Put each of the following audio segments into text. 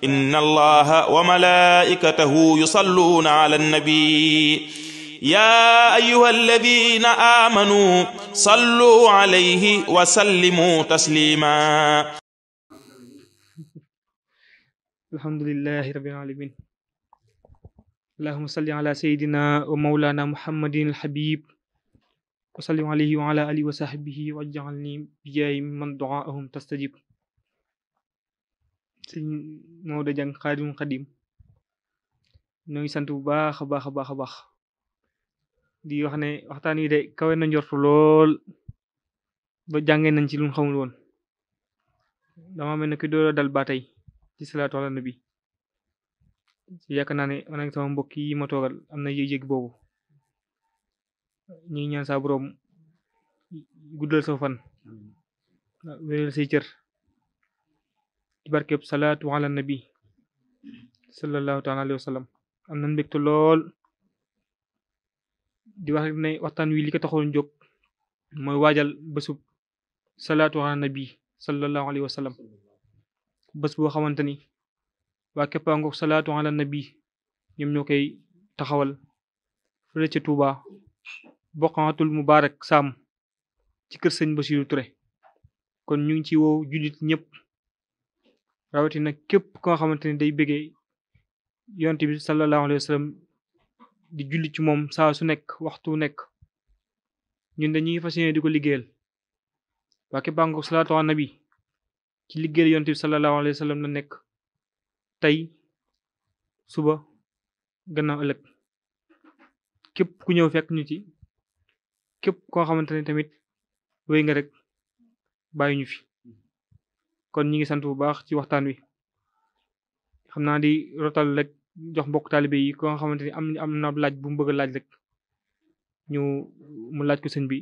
inna allaha wa malaa'ikatahu yusalluuna ala nabi yaa ayyuha alladina aamanu sallu alayhi wa sallimu taslima alhamdulilahi rabbil alamin allahuma salli ala sayidina wa mawlana muhammadin alhabib wa sallim alayhi wa ala alihi wa sahbihi wa ajjalni bijaayi man duaahum tastajib sëñ Maodo Dieng Xaadimu Xadim ñoo ngi sant bu baax a baax a baax a baax di wax ne waxtaan wi de kawe na njortu lool ba jàngee nañ ci lu xamul woon dama mel ne ki doora dal ba tey ci salaatu ala nabi ci yaakaar naa ne man ak sama mbokk yi ma toogal am na yëg-yëg boobu ñuy ñaan barkeb salaatu ala nabi sallallahu taala alayhi wa sallam am na mbégte lool di wax ne waxtaan wi li ko taxoon jóg mooy waajal bésub salaatu ala nabi sallallahu alayhi wa sallam bés boo xamante ni waa képpaangoog salaatu ala nabi ñoom ñoo koy taxawal fële ca Touba boqantul mubaarak saam ci kër sëñ Bassirou kon ñu ngi ci woo jullit ñëpp rawatina képp koo xamante ne day bëggee yonte bi sallallahu alayhi wa di julli ci moom saa su nekk waxtu nekk ñun dañuy fas yéene di ko liggéeyal waa képp bànko salaatu ala nabi ci liggéeyal yonte bi sallallahu alayhi wa sallam nekk tey suba gannaaw ëllëg képp ku ñëw fekk ñu ci képp koo xamante ne tamit wéy nga rek bàyyi ñu fi kon ñi ngi sant bu baax ci waxtaan wi xam naa di rotal rek jox mbokk taalibe yi ko nga xamante ni am am na laaj bu mu laaj rek ñu mu laaj ko sëñ bi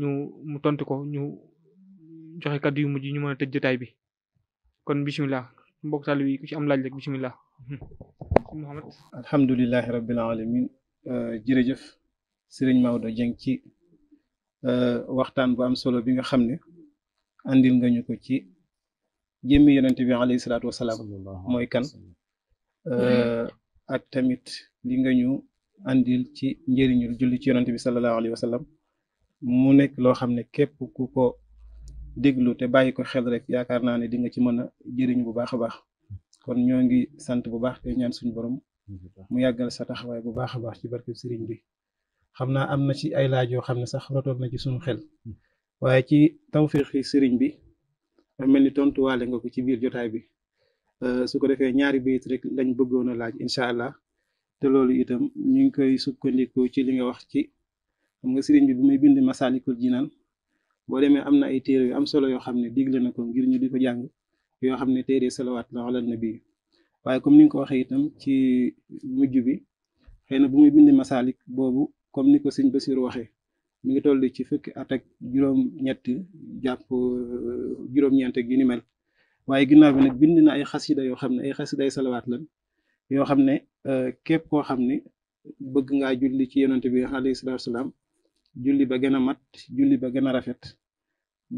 ñu mu tontu ko ñu joxe kàddu yu mujj ñu mën a jotaay bi kon bisimilah mbokk taalibe yi ku ci am laaj rek bisimilah. Mouhamed alhamdulilahi rabbil alamin euh, jërëjëf sëriñ ci euh, waxtaan bu am solo bi nga xam ne. andil nga ñu ko ci jëmmi yonente bi alayhi salaatu wasalaam mooy kan ak tamit li nga ñu andil ci lu julli ci yonente bi sallallahu alayhi wa sallam mu nekk loo xam ne képp ku ko déglu te bàyyi ko xel rek yaakaar naa ne di nga ci mën a jëriñ bu baax a baax kon ñoo ngi sant bu baax te ñaan suñu borom mu yàggal sa taxawaay bu baax a baax ci barkeb sëriñ bi xam naa am na ci ay laaj yoo xam ne sax rotoon na ci suñu xel waaye ci tawféexi sëriñ bi mel ni tontuwaale nga ko ci biir jotaay bi euh, su ko defee ñaari bayit rek lañ bëggoon laaj incha allah te loolu itam ñu ngi koy sukkandiku ci li nga wax ci xam nga sëriñ bi bi muy bind Masaalikul Jinaan boo demee am na ay téere yu am solo yoo xam ne digle na ko ngir ñu di ko jàng yoo xam ne téere salawaat la alal nabi waaye comme ni nga ko waxee itam ci mujj bi xëy na bu muy bind Masaalik boobu comme ni ko sëñ Basiru waxee mi ngi toll ci fukki at ak juróom-ñett jàpp euh, juróom-ñeent ak mel waaye ginnaaw bi nag bind na ay xasida yoo xam ne ay xasiday salawaat lan yoo xam ne euh, képp koo xam ne bëgg ngaa julli ci yonent bi alayhi salaatu salaam julli ba gën a mat julli ba gën a rafet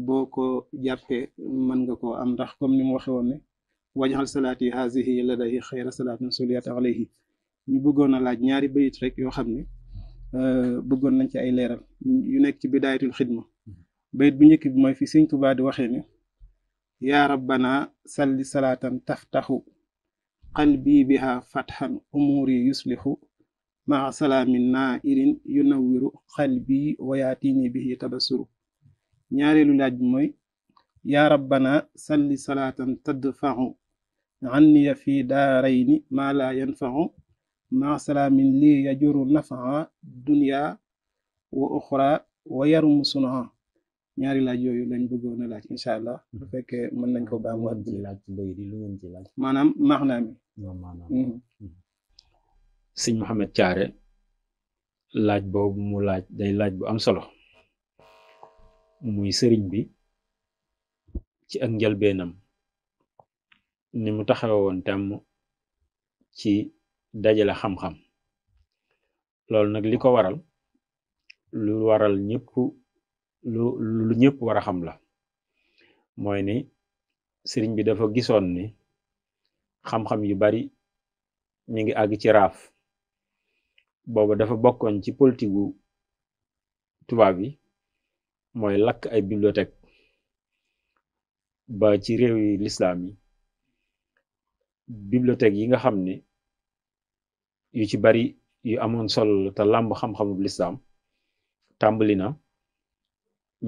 boo ko jàppee mën nga koo am ndax comme ni mu waxee woon ne wajxal salaati hazihi ladayi xayra salaatin soliyat alayhi ñu bëggoon a laaj ñaari bayit rek yoo xam ne Euh, bëggoon nañ ci ay leeral yu nekk ci bidaayatul xidma bayit bu njëkk bi mooy fi sëñ Tuubaa di waxee ni yaa rabbana salli salaatan taftaxu qalbi biha fatxan umuuri yuslixu maa salaamin naa irin yunawiru qalbi wayaatini bihi tabasuru ñaareelu laaj bi mooy yaa rabbana salli salaatan tadfaxu anniya fi daarayni maa laa yanfaxu ma salaamin lii yajuru nafaha dunya wa uxra wa yarumu sunaha ñaari laaj yooyu lañ bëggoon a laaj incha allah mhm. bu fekkee mën nañ ko baamuwaat bi laaj maanaam maax naa mi mhm. laaj boobu mu laaj day laaj bu am solo muy sëriñ bi ci ak njëlbeenam ni mu taxawoon tàmm ci dajale xam-xam loolu nag li ko waral lu waral ñëpp lu lu ñëpp war a xam la mooy ni sëriñ bi dafa gisoon ni xam-xam yu bari ñu ngi àgg ci raaf boobu dafa bokkoon ci politique tubaab yi mooy lakk ay bibliothèque ba ci réew yi lislaam yi bibliothèque yi nga xam ne yu ci bari yu amoon solo la làmb xam-xamub lislaam tàmbali na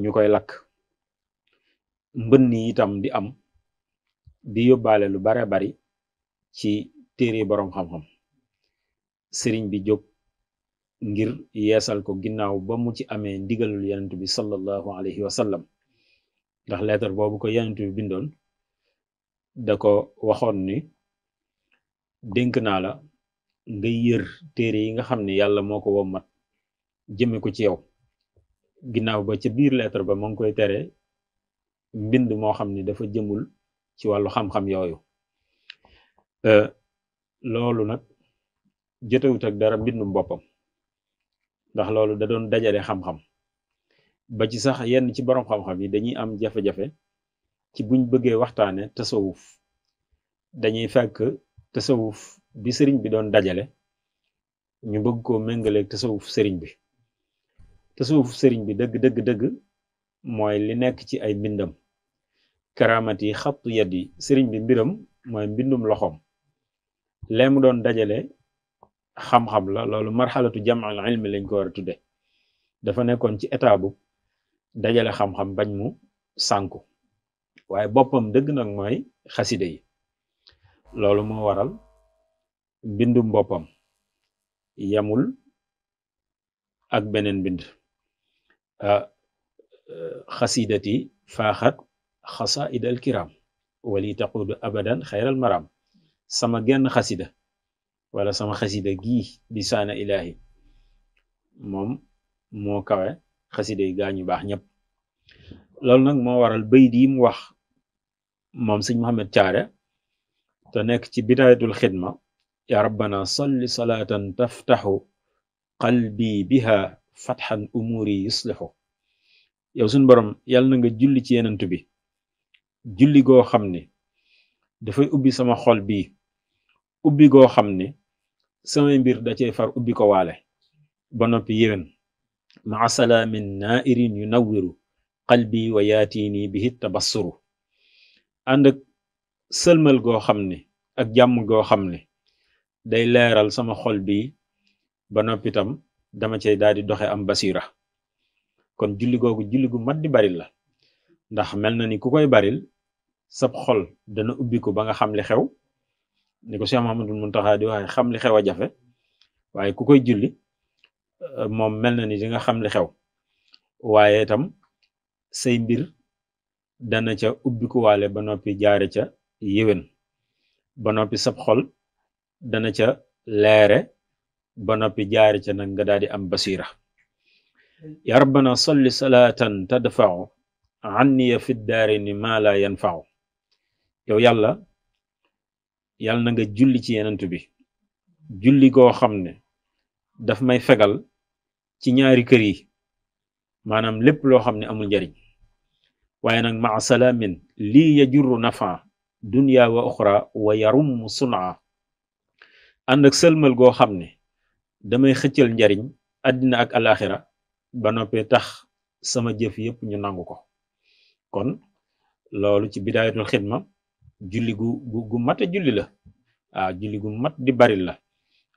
ñu koy lakk mbënn yi itam di am di yóbbaale lu bare bari ci téere boroom xam-xam sëriñ bi jóg ngir yeesal ko ginnaaw ba mu ci amee ndigalul yonent bi sallallahu alayhi wa ndax leetar boobu ko yonent bi bindoon da ko waxoon ni dénk naa la nga yër téere yi nga xam ne yàlla moo ko wommat jëme ko ci yow ginnaaw ba ca biir lettre ba mu ngi koy tere mbind moo xam ne dafa jëmul ci wàllu xam-xam yooyu loolu nag jotewut ak dara mbindum boppam ndax loolu da doon dajale xam-xam ba ci sax yenn ci boroom xam-xam yi dañuy am jafe-jafe ci buñ bëggee waxtaanee tasawuf dañuy fekk tasawuf bi sëriñ bi doon dajale ñu bëgg koo méngaleeg tasawuf sëriñ bi tasawuf sëriñ bi dëgg dëgg dëgg mooy li nekk ci ay mbindam karaamat yi xattu yi sëriñ bi mbiram mooy mbindum loxoom lee mu doon dajale xam-xam la loolu marxalatu jamal ilmi lañ ko war a tudde dafa nekkoon ci état bu dajale xam-xam bañ mu sànku waaye boppam dëgg nag mooy xaside yi loolu moo waral bindum boppam yamul ak beneen bind e, xasidati faaxat xasaid al kiram wali taqudu abadan xayral maram sama genn xasida wala sama xasida gi di saana ilaahi moom moo kawe xasida yi gaañu baax ñëpp loolu nag moo waral bayt yi mu wax moom sëñ Mouhamed Thiaré te nekk ci bidaayatul xidma yaa rabbana salli salaatan taftaxu qalbi biha fatxan umuuri yuslixu yow suñ borom yàlla na nga julli ci yenant bi julli goo xam ne dafay ubbi sama xol bi ubbi goo xam ne samay mbir da cay far ubbi ko waale ba noppi yéwén maa salaamin naairin yu nawwiru qalbi wa yaatiini bihi tabassuru ànd ak sëlmal goo xam ne ak jàmm goo xam ne day leeral sama xol bi ba noppitam dama ce daal di doxe am basira kon julli googu julli gu mat di baril la ndax mel na ni ku koy baril sab xol dana ubbiku ba nga xam li xew ni ko Cheikh Mouhamadul Mountakha di waxe xam li xew a jafe waaye ku koy julli euh, moom mel na ni di nga xam li xew waaye itam say mbir dana ca ubbikuwaale ba noppi jaare ca yéwén ba noppi sab xol dana ca leere ba noppi jaare ca nag nga am basira ya rabbana salli salaatan tadfau anniya fi daarini ma la yanfau yow yàlla yàlla na nga julli ci yenent bi julli goo xam ne daf may fegal ci ñaari kër yi maanaam lépp loo xam ne amul njariñ waaye nag maa salaamin lii yajurru nafa dunya wa oxra wa yarum sunaa ànd ak sëlmal goo xam ne damay xëccal njariñ àddina ak alaxira ba noppee tax sama jëf yépp ñu nangu ko kon loolu ci bidaayatul xidma julli gu gu mat a julli la waaw julli gu mat di baril la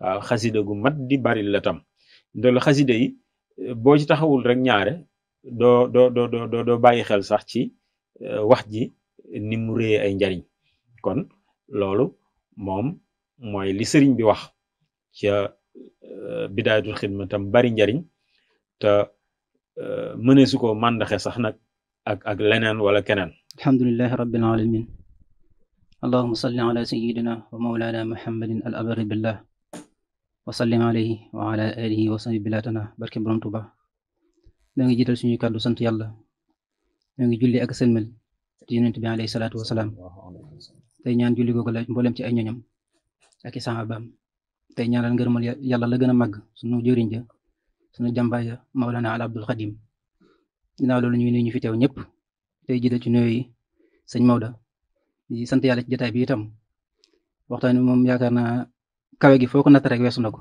waaw xasida gu mat di baril la tam ndoolu xasida yi boo ci taxawul rek ñaare doo doo do doo bàyyi xel sax ci eh, wax ji ni mu réye ay njariñ kon loolu moom mooy li sëriñ bi wax ca euh, bidaayatul xidma tam bari njariñ te euh, mënee su ko màndaxe sax nag ak ak leneen wala keneen alhamdulilahi rabbil alamin allahuma salli ala sayidina wa maulana muhammadin al abari billah wa sallim alayhi wa ala alihi wa barke borom tuba da nga jiital suñuy kàddu sant yàlla da ngi julli ak sëlmal ci yonent ñaan julli googu mboolem ci ay ñoñam ak i saxaabaam tey ñaanal ngërëmal yàlla la gën a màgg sunu jëriñ ja sunu jàmbaar ja Mawlana Al Abdul Xadim ginnaaw loolu ñu ngi ñu fi teew ñëpp tey jii ci nuyoo yi sëñ Maodo di sant yàlla ci jotaay bi itam waxtaan wi moom yaakaar naa kawe gi foo ko natt rek weesu na ko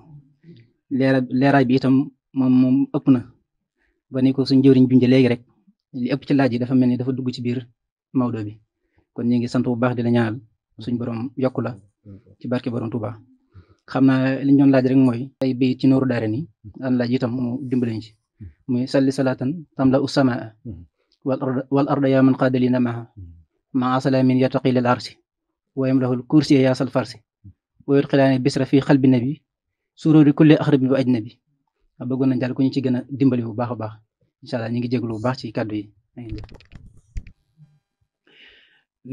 leeraay bi itam moom moom ëpp na ba ni ko suñ jëriñ junjee léegi rek li ëpp ci laaj yi dafa mel ni dafa dugg ci biir Maodo bi kon ñu ngi sant bu baax ñaanal. suñ borom yokk la ci barke borom Touba. xam na li laaj rek mooy ay bayit ci nooru daara ni daan laaj itam mu dimbale ñu ci muy salli salaatan tamla u samaa wal arda yaa man qaadalina maha maa salaamin yataqi lil arsi wa yamlahul kursi yaasal farsi wa yudxilaani bisra fi xalbi nabi sururi kulli axrabin wa ajnabi bëggoon nañ daal ku ñu ci gën a dimbali bu baax a baax incha allah ñu ngi jéglu bu baax ci kàddu yi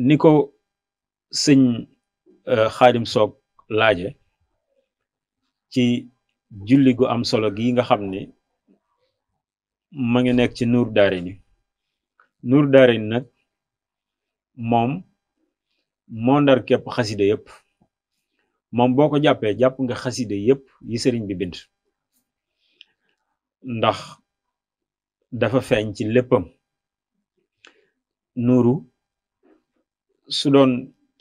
ni sëñ eh, xaadim soog laaje ci julli gu am solo gi nga xam ni ma ngi nekk ci nuur daare nuur daare nag moom moo ndar képp xaside yépp moom boo ko jàppee jàpp nga xaside yépp yi sëriñ bi bind ndax dafa feeñ ci léppam nuuru su doon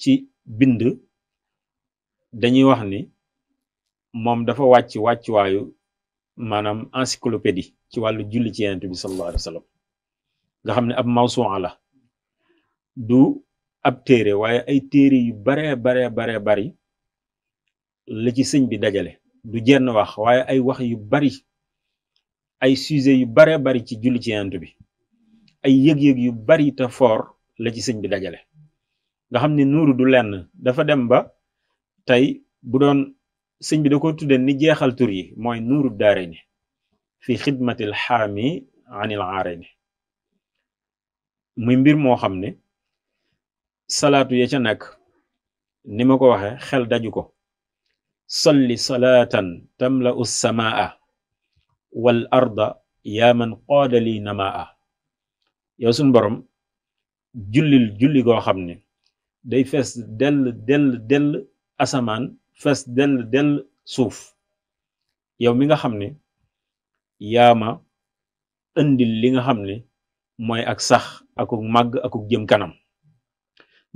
ci bind dañuy wax ni moom dafa wàcc wàccuwaayu maanaam encyclopédie ci wàllu julli ci yonent bi sallallahu alayhi nga xam ne ab mawsu'a la du ab téere waaye ay téere yu baree baree baree bari la ci sëñ bi dajale du jenn wax waaye ay wax yu bari ay sujet yu baree bari ci julli ci yonent bi ay yëg-yëg yu bari te foor la ci sëñ bi dajale nga xam ni nuuru du lenn dafa dem ba tey bu doon sëñ bi da ko tudde ni jeexal tur yi mooy nuuru daare ni fi xidmatil xaami anil aare ni muy mbir moo xam ne salaatu ya ca nekk ni ma ko waxe xel daju ko solli salli salaatan tamla'u samaa wal arda yaa man qaada namaa yow suñ borom jullil julli goo xam ne day fees dell dell dell asamaan fees dell dell suuf yow mi nga xam ne yaa ma indil li nga xam ne mooy ak sax akuk màgg akuk jëm kanam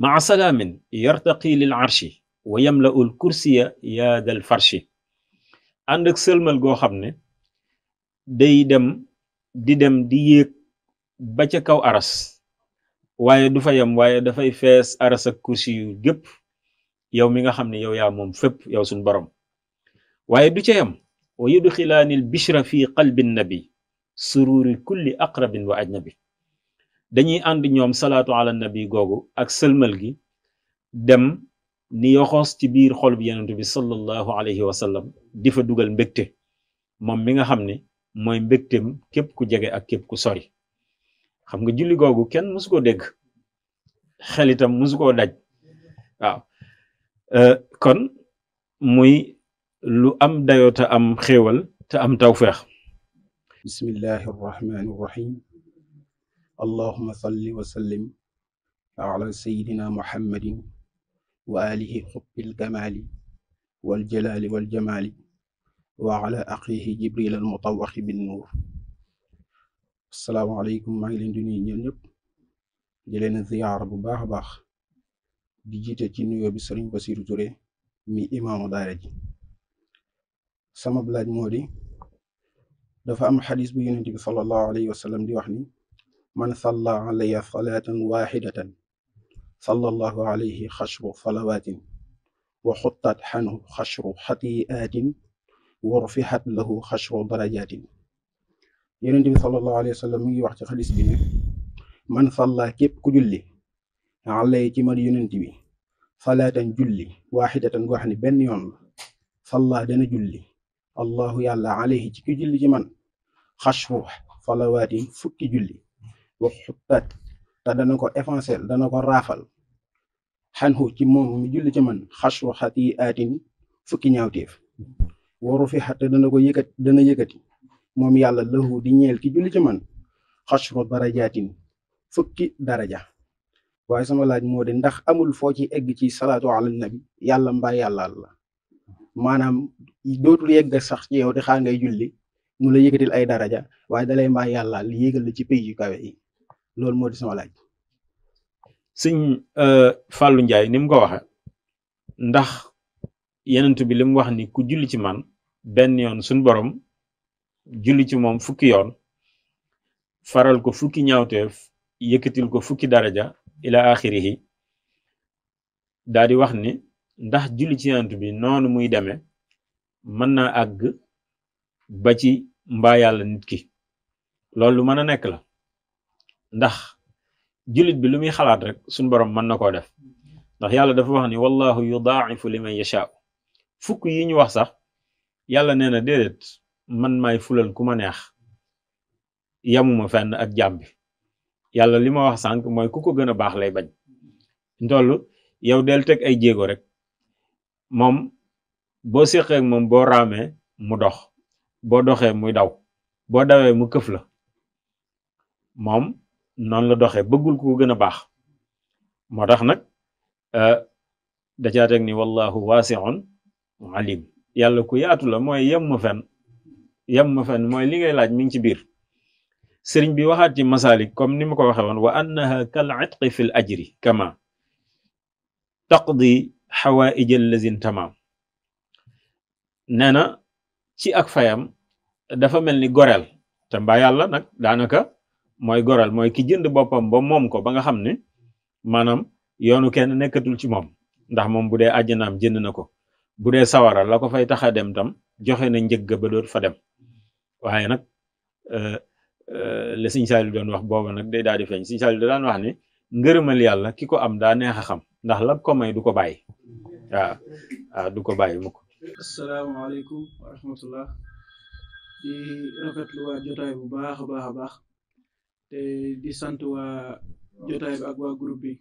maa salaamin yartaqi lil arshi wa yamla'u l kursiya yaa dal farshi ànd ak sëlmal goo xam ne day dem di dem di yéeg ba ca kaw aras waaye du fa yam waaye dafay fees aras ak gépp yow mi nga xam ne yow yaa moom fépp yow suñ borom waaye du ca yem wa yudxilaani l bishra fi qalbi nabi sururi kulli aqrabin wa ajnabi dañuy ànd ñoom salaatu ala googu ak sëlmal gi dem ni yoxoos ci biir xol bi yonent bi sallallahu alayhi wa di fa dugal mbégte moom mi nga xam ne mooy mbégtem képp ku jege ak képp ku sori xam nga julli googu kenn mësu koo dégg xel itam koo daj waaw euh, kon muy lu am dayoo te am xéewal te am tawfeex bismillahi arrahmani irrahim allahuma salli wa sallim ala sayidina muhammadin jibril al bin nuur asalaamaaleykum maa ngi leen di nuyu ñeen ñëpp bu baax a baax di jiite ci nuyoo bi sëriñ Basiru Ture mi imaamu daara sama laaj moo di dafa am xadis bu yonent bi sallallahu alayhi wa di wax ni man salla alayya salaatan waxidatan sallallahu alayhi xashru salawaatin wa xuttat xashru xatiaatin wa lahu xashru darajaatin yonent bi sallallahu alayhi wa mu ngi wax ci xadis bi ne man salla képp ku julli alay ci man yonent bi salaatan julli waaxidatan benn yoon la salla dana julli allahu yàlla alayhi ci ki julli ci man fukki julli wa xuttat te dana ko évancel dana ko raafal xanhu ci moom mi julli ci man xashfu xatiaatin fukki ñaawteef waru fi xatte dana ko yëkkat dana yëkkati moom yàlla lahu di ñeel ki julli ci man xasru darajaatin fukki daraja waaye sama laaj moo di ndax amul foo ci egg ci salaatu ala nabi yàlla mbaa yàlla la maanaam dootul yegg sax ci yow te xaa ngay julli mu la yëkkatil ay daraja waaye dalay mbaa yàlla li yéegal la ci pays yu yi loolu moo di sama laaj. sëñ euh, Fallou Ndiaye nim ko waxe ndax yenent bi li wax ni ku julli ci man benn yoon suñu borom julli ci moom fukki yoon faral ko fukki ñaawteef yëkkatil ko fukki daraja ila axirihi daal di wax ni ndax julli ci yonent bi noonu muy deme mën na àgg ba ci mbaa yàlla nit ki loolu lu mën a nekk la ndax jullit bi lu muy xalaat rek suñ borom mën na koo def ndax yàlla dafa wax ni wallahu yudaaifu liman yashaau fukk yi ñu wax sax yàlla nee na déedéet man maay fulal ku ma neex yamuma fenn ak jàmm bi yàlla li ma wax sànq mooy ku ko gën a baax lay bañ ndollu yow del teg ay jéego rek moom boo séqee ak moom boo mu dox boo doxee muy daw boo dawee mu këf la moom noonu la doxee bëggul ku ko gën a baax moo tax nag euh, da caa teg ni wallahu waasiun alim yàlla ku yaatu la mooy yem yam ma fenn mooy li ngay laaj mi ngi ci biir sëriñ bi waxaat ci masaalik comme ni ma ko waxe woon wa annaha kal itqi fi l ajri kama taqdi xawaaij allazin tamaam nee na ci ak fayam dafa mel ni goreel te mbaa yàlla nag daanaka mooy goreel mooy ki jënd boppam ba moom ko ba nga xam ne maanaam yoonu kenn nekkatul ci moom ndax moom bu dee àjjanaam jënd na ko bu dee sawara la ko fay tax dem tam joxe na njëgg ba doot fa dem waaye nag euh, euh, le Sëñ Saaliw doon wax bo nag day daal di feeñ Sëñ Saaliw da daan wax ne ngërëmal yàlla ki ko am daa neex a xam ndax la ko may du ko bàyyi waaw waaw du ko bàyyi mukk di rafetlu waa jotaay bu baax a baax a baax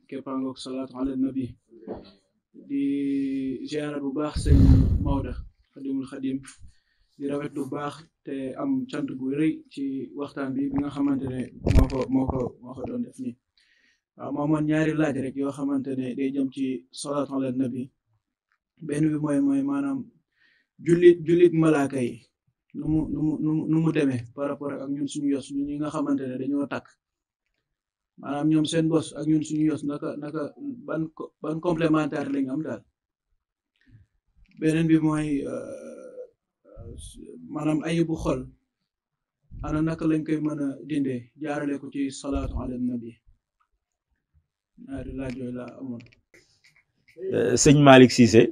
te Nabi di ziara bu baax sëñ Xadimul Xadim di rafet lu baax te am cant bu ci waxtaan bi bi nga xamante ne moo ko moo ko moo ko doon waaw moo man ñaari laaj rek yoo xamante ne day jëm ci salaatu ala nabi benn bi mooy mooy maanaam jullit jullit malaaka yi nu mu nu mu nu mu demee par rapport ak ñun suñu yos ñun ñi nga xamante ne dañoo takk maanaam ñoom seen bos ak ñun suñu yos naka naka ban ban complémentaire lañ am daal beneen bi mooy. Euh, maanaam ayibu xol ana naka lañ koy mën a dindee jaarale ko ci salaatu ala nabi ñaari laaj yooyu laa amoon eh, sëñ Malick Cissé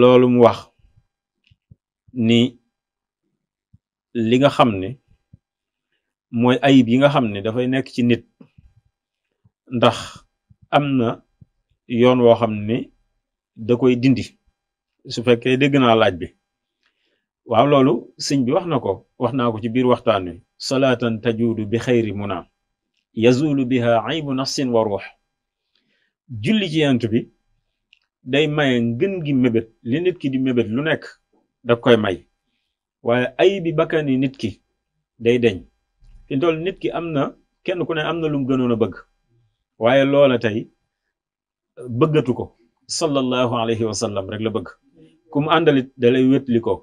loolu wax ni li nga xam ne mooy ayib yi nga xam ne dafay nekk ci nit ndax am na yoon woo xam ne da koy dindi su fekkee dégg naa laaj bi waaw loolu sëñ bi wax na ko wax naa ko ci biir waxtaan wi salaatan tajuudu bi xayri muna yazuulu biha aybu nafsin wa ruux julli ci yant bi day maye ngën gi mébét li nit ki di mébét lu nekk da koy may waaye ay bi bakkani nit ki day deñ fi nit ki am na kenn ku ne am na lum gënoon a bëgg waaye loola tey bëggatu ko sallallahu alayhi wa sallam rek la bëgg ku mu dalay wétli ko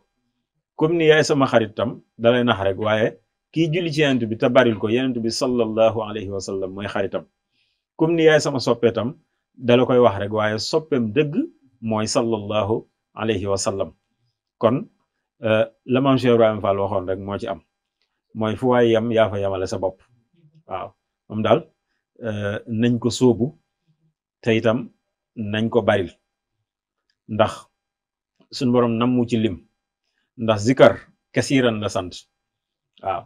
comme ni yaay sama xarit tam dalay nax rek waaye kii julli ci yenent bi te baril ko yenent bi sallallahu alayhi wa sallam mooy xaritam comme ni yaay sama soppee tam dala koy wax rek waaye soppeem dëgg mooy sallallahu alayhi wa sallam kon euh, la maam Cheikh Ibrahima Fall waxoon rek moo ci am mooy fu waay yam yamale sa bopp waaw daal euh, nañ ko sóobu te itam nañ ko baril ndax suñ borom nammu ci lim ndax zikar kasiran la sant waaw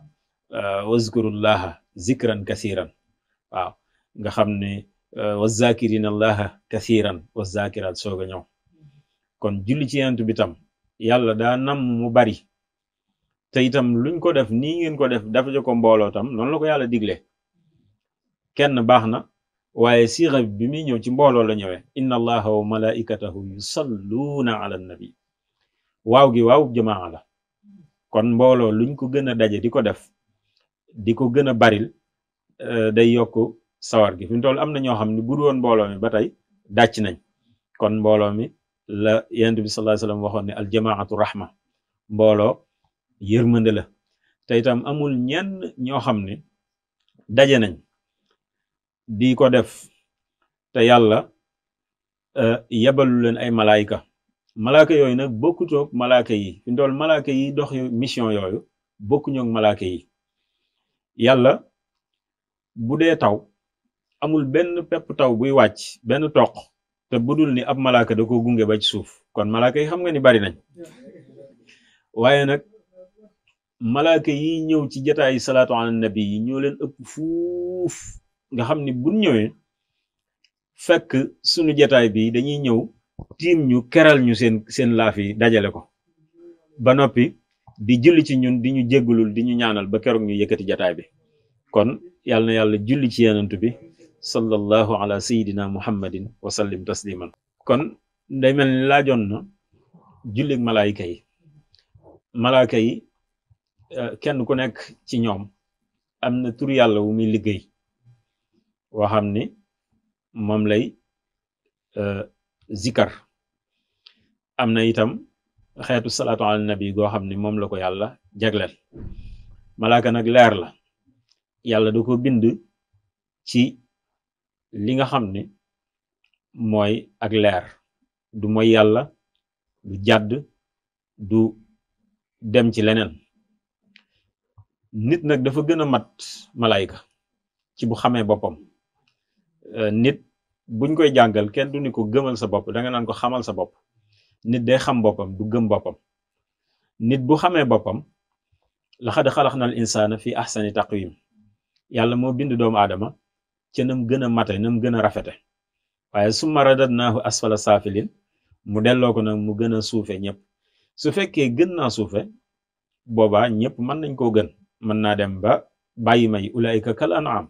euh, wazkurullaha zikran kasiran waaw nga xam ne euh, wazakirina allaha kasiran wazakirat soog a ñëw kon julli ci yonent bitam tam yàlla daa nam mu bari te itam luñ ko def nii ngeen ko def dafa jo ko mbooloo tam noonu la ko yàlla digle kenn baax na waaye siixa bi muy ñëw ci mbooloo la ñëwee inna allaha wa malaikatahu yusalluuna ala nabi waaw gi waaw jamaa la kon mbooloo luñ ko gën a daje di ko def di ko gën a baril euh, day yokk sawar gi fi mu toll am na ñoo xam ne bu dul mbooloo mi ba tey dàcc nañ kon mbooloo mi la yonent bi sallallahu alayhi wasallam waxoon ne al jamaatu rahma mbooloo yërmande la te itam amul ñenn ñoo xam ne daje nañ di ko def te yàlla euh, yebalu leen ay malaayika malaaka yooyu nag bokkutoog malaaka yi fi ndool malaaka yi dox mission yooyu bokkuñoog malaaka yi yàlla bu dee taw amul benn pepp taw buy wàcc benn toq te budul ni ab malaaka da ko gunge ba ci suuf kon malaaka yi xam nga ni bari nañ waaye nag malaaka yi ñëw ci jataayi salaatu ala bi yi ñoo leen ëpp fuuf nga xam ni buñ ñëwee fekk sunu jataay bi dañuy ñëw tiim ñu keral ñu seen seen laaf yi dajale ko ba noppi di julli ci ñun di ñu jéggulul di ñu ñaanal ba keroog ñu yëkkati jataay bi kon yàlla na yàlla julli ci yenant bi sallallahu ala sayidina muhammadin wa sallim tasliman kon day mel ni laajoon na jullig malaayka yi malaayka yi eh, kenn ku nekk ci ñoom am na tur yàlla wu muy liggéey woo xam ni moom lay eh, zikar am na itam xeetu salaatu ala nabi goo xam ne moom la ko yàlla jagleel malaaka nag leer la yàlla da ko bind ci li nga xam ne mooy ak leer du mooy yàlla du jàdd du dem ci leneen nit nag dafa gën a mat malayka ci bu xamee boppam euh, nit buñ koy jàngal kenn du ni ko gëmal sa bopp danga naan ko xamal sa bopp nit day xam boppam du gëm boppam nit bu xamee boppam laxad xalaqnal insaana fi ahsani taqwim yàlla moo bind doomu adama ca nam gën a mate nam gën a rafete waaye su summa radadnaahu asfala saafilin mu delloo ko nag mu gën a suufe ñëpp su fekkee gën naa suufe booba ñëpp mën nañ koo gën mën naa dem ba bàyyi may ulaayika kal an'am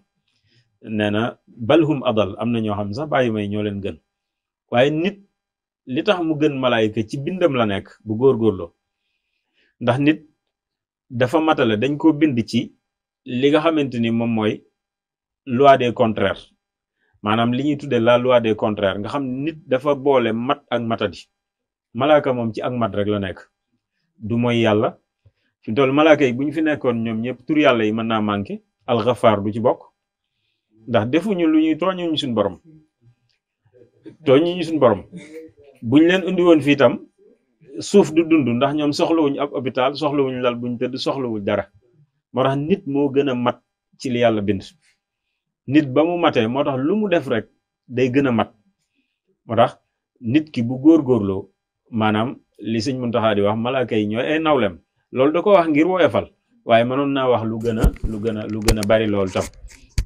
nee na balhum adal am na ñoo xam sax bàyyi may ñoo leen gën waaye nit li tax mu gën malaayika ci bindam la nekk bu góor góorloo ndax nit dafa matale dañ ko bind ci li nga xamante ni moom mooy loi des contraires maanaam li ñuy tuddee la loi des contraires nga xam nit dafa boole mat ak matadi malaaka moom ci ak mat rek la nekk du mooy yàlla fi dool toll yi bu ñu fi nekkoon ñoom ñëpp tur yàlla yi mën naa manqué alxafaar du ci bokk ndax defuñu lu ñuy tooñuñu suñu borom tooñuñu suñu borom buñ leen indi woon fii tam suuf du dund ndax ñoom soxlawuñu ab hôpital soxlawuñu lal ñu tëdd soxlawul dara moo tax nit moo gën a mat ci li yàlla bind nit ba mu matee moo tax lu mu def rek day gën a mat moo tax nit ki bu góor góorgóorloo maanaam li sëñ Muntaxa di wax malaaka yi ñooy ay loolu da ko wax ngir woyofal waaye mënoon naa wax lu gën a lu gën a lu gën a bari loolu tam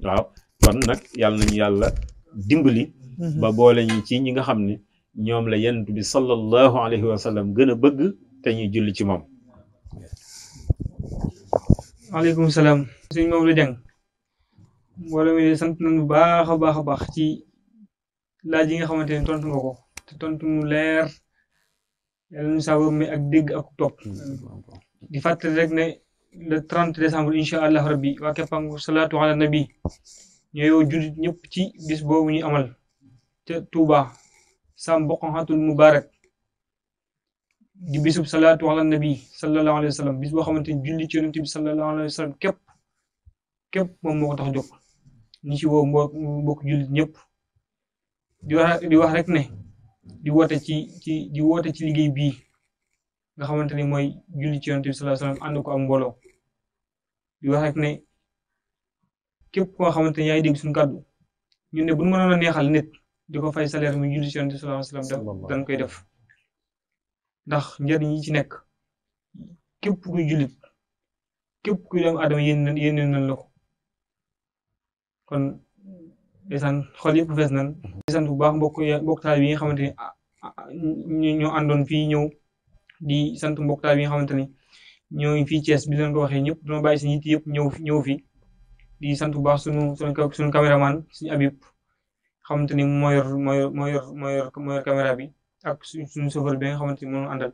waaw kon nag yàlla nañu yàlla dimbali mhm. ba boole ñu ci ñi nga xam ne ñoom la yonent bi sallallahu alayhi wa sallam gën a bëgg te ñuy ci moom maaleykum salaam suñ moom la jàng wala mi sant nañu baax a baax a baax ci laaj yi nga xamante ne tontu nga ko te tontu mu leer yàlla ñu saawar mi ak dégg ak topp di fàttali rek ne le 30 décembre incha allah rabbi waa Képangu salaatu ala nabi ñooyow jullit ñëpp ci bis boobu ñu amal tuba Tuuba sam boqanxatul mubarak di bisub salaatu ala nabi sallallahu alayhi wa sallam bis boo xamante ni julli ci yonente bi sallallahu alayhi wa sallam képp képp moom moo ko tax jóg ñi ci woo mbokk mbokk jullit di wax di wax rek ne di ci ci di woote ci liggéey bi nga xamante ni mooy julli ci yonente bi sallallahu alayhi wa sallam di wax képp koo xamante ne yaay dégg suñu kàddu ñu ne bu ñu mënoon a neexal nit di ko fay salaire mu julli ci yonent sallallahu alayhi wa sallam dañ koy def ndax njariñ yi ci nekk képp kuy jullit képp kuy doomu aadama yéen yéen nañ la ko xol yëpp fees nañ ndeysaan bu baax mbokk mbokk taal bi nga xamante ni ah, ah, ah, ñoo àndoon fii ñëw di sant mbokk taal bi nga xamante ni ñoo fii Thiès bi leen ko waxee ñëpp dama bàyyi seen yitt yëpp ñëw ñëw fii di sant bu baax sunu sunu sunu caméraman suñu Habib xamante ni moo moo yor moo yor moo yor moo yor ak suñu chauffeur bi nga xamante ni moom àndal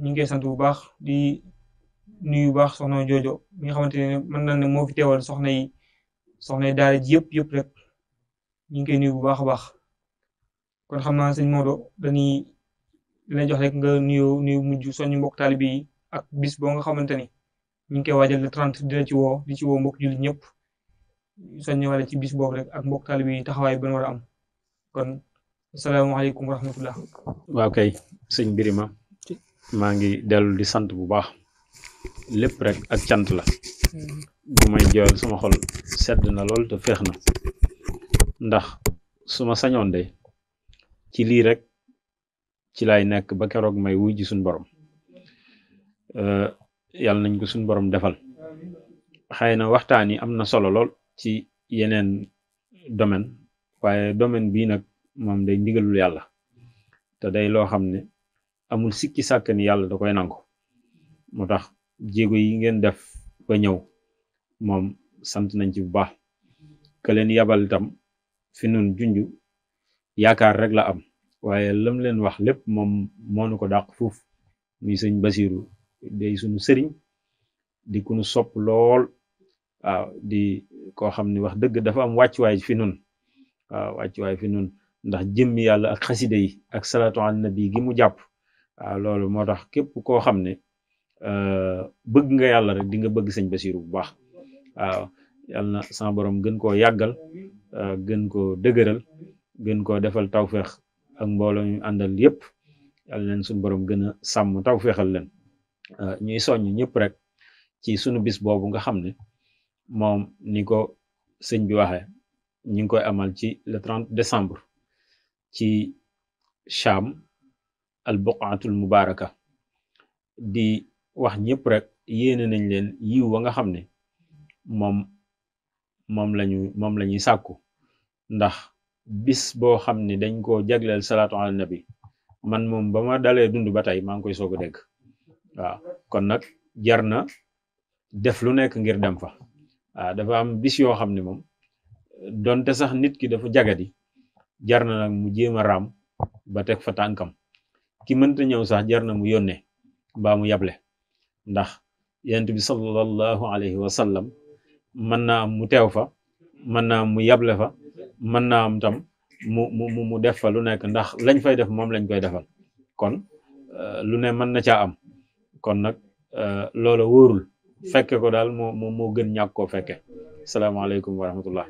ngi koy sant bu baax di nuyu baax soxna joojo mi nga xamante ne mën na ne moo fi teewal soxna yi soxna yi daara ji yëpp yëpp rek ñu ngi koy nuyu bu baax a baax kon xam naa sëñ Maodo dañuy dina jox rek nga nuyoo nuyu mujj soñu mbokk taalibe ak bis boo nga xamante ni ñu ngi koy waajal le 30 dina ci woo di ci woo mbokk jullit ñëpp soññewaale ci bis boobu rek ak mbokk taalibe yi taxawaay ba war a am kon asalaamaaleykum wa rahmatullah. waaw kay sëñ Birima maa ngi dellu di sant bu baax lépp rek ak cant la bu may jooyal suma xol sedd na lool te feex na ndax su ma sañoon de ci lii rek ci lay nekk ba keroog may wujj ji suñu borom. Euh, yàlla nañ ko suñu borom defal xëy na waxtaan yi am na solo lool ci yeneen domaine waaye domaine bii nag moom day ndigalul yàlla te day loo xam ne amul sikki sàkk ni yàlla da koy nangu moo tax jéego yi ngeen def ba ñëw moom sant nañ ci bu baax ka yabal itam fi nun junj yaakaar rek la am waaye lam leen wax lépp moom moo ko dàq fuuf muy sëñ Basiru day sunu sëriñ di ku sopp lool waaw di koo xam ne wax dëgg dafa am wàccuwaay fi nun waaw wàccuwaay fi nun ndax jëmmi yàlla ak xasida yi ak salaatu ala nabi gi jàpp waaw loolu moo tax képp koo xam ne euh, bëgg nga yàlla rek di nga bëgg sëñ Basiru bu baax waaw yàlla na sama borom gën koo yàggal euh, gën koo dëgëral gën koo defal taw tawféex ak mbooloo ñu àndal yépp yàlla leen suñu borom gën a sàmm tawféexal leen Euh, ñuy soññ ñëpp rek ci sunu bis boobu nga xam ne moom ni ko sëñ bi waxe ñu ngi koy amal ci le 30 décembre ci Cham al buqaatul mubaraka di wax ñëpp rek yéene nañ leen yiw wa nga xam ne moom moom lañu moom la ñuy sàkku ndax bis boo xam ne dañ ko jagleel salaatu ala nabi man moom ba ma dalee dund ba tey maa ngi koy soog a dégg waaw kon nag jar na def lu nekk ngir dem fa waaw dafa am biss yoo xam ne moom donte sax nit ki dafa jagadi jar na nag mu jéem a raam ba teg fa tànkam ki mënta ñëw sax jar na mu yónnee mbaa mu yable ndax yent bi sallallahu alayhi wa sallam mën naa am mu teew fa mën naa am mu yable fa mën naa am tam mu mu def fa lu nekk ndax lañ fay def moom lañ koy defal kon euh, lu ne mën na caa am kon nag euh, loola wóorul hmm. fekke ko daal moo moo moo gën ñàkk koo fekke salaamaaleykum wa rahmatullah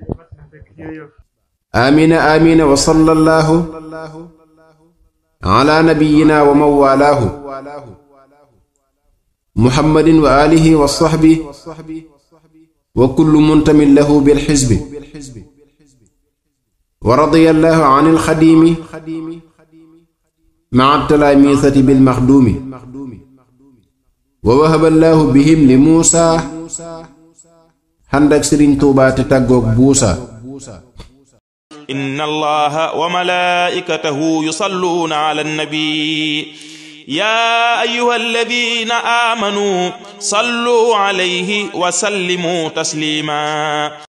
amina amina wa sallallahu ala nabiyina wa mawalaahu muhammadin wa alihi wa sahbi wa kullu muntamin lahu bil xisbi wa radiyallahu an alxadiimi maa talaamisati bil maxduumi wa wahaba llaahu bihim li muusa xànd ak sëriñ tuubaa te tàggoog buusa inna allaha wa malaa'ikatahu yusalluuna ala annabi yaa ayyuha alladina aamanuu sallu alayhi wa sallimuu tasliima